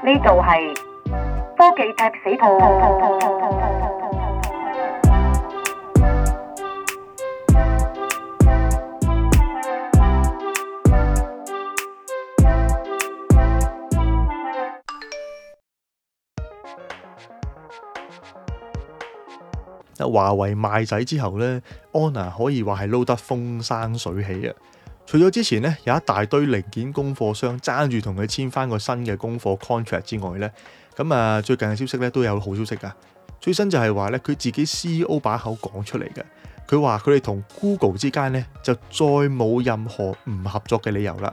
呢度係科技踢死兔。啊、華為賣仔之後咧，Honor 可以話係撈得風生水起啊！除咗之前咧有一大堆零件供貨商爭住同佢簽翻個新嘅供貨 contract 之外咧，咁啊最近嘅消息咧都有好消息噶。最新就係話咧佢自己 CEO 把口講出嚟嘅，佢話佢哋同 Google 之間咧就再冇任何唔合作嘅理由啦。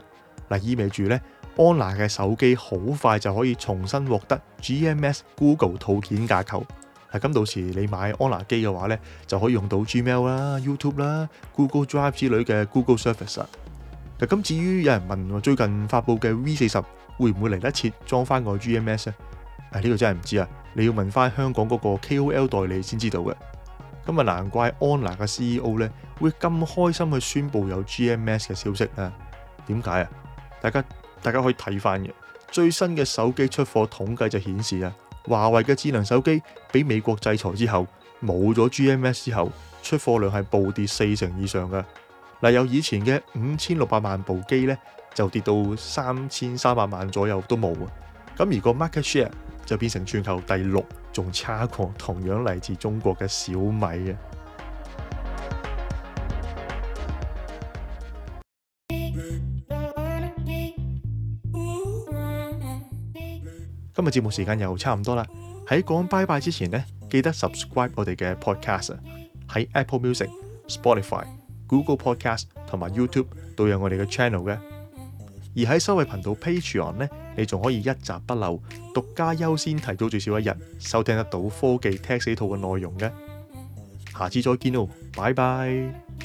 嗱，意味住咧 Honor 嘅手機好快就可以重新獲得 GMS Google 套件架構。咁到時你買 Honor 機嘅話咧，就可以用到 Gmail 啦、YouTube 啦、Google Drive 之類嘅 Google service 啦。嗱，咁至於有人問我最近發布嘅 V 四十會唔會嚟得切裝翻個 GMS 咧？誒，呢個真係唔知啊！你要問翻香港嗰個 KOL 代理先知道嘅。咁啊，難怪 Honor 嘅 CEO 咧會咁開心去宣佈有 GMS 嘅消息啦。點解啊？大家大家可以睇翻嘅最新嘅手機出貨統計就顯示啦，華為嘅智能手機俾美國制裁之後，冇咗 GMS 之後，出貨量係暴跌四成以上嘅。但有以前嘅五千六百萬部機咧，就跌到三千三百萬左右都冇啊！咁而個 market share 就變成全球第六，仲差過同樣嚟自中國嘅小米啊！今日節目時間又差唔多啦，喺講拜拜之前呢，記得 subscribe 我哋嘅 podcast 喺 Apple Music、Spotify。Google Podcast 同埋 YouTube 都有我哋嘅 channel 嘅，而喺收費頻道 Patreon 咧，你仲可以一集不漏、獨家優先提早最少一日收聽得到科技 Tech 四套嘅內容嘅。下次再見哦，拜拜。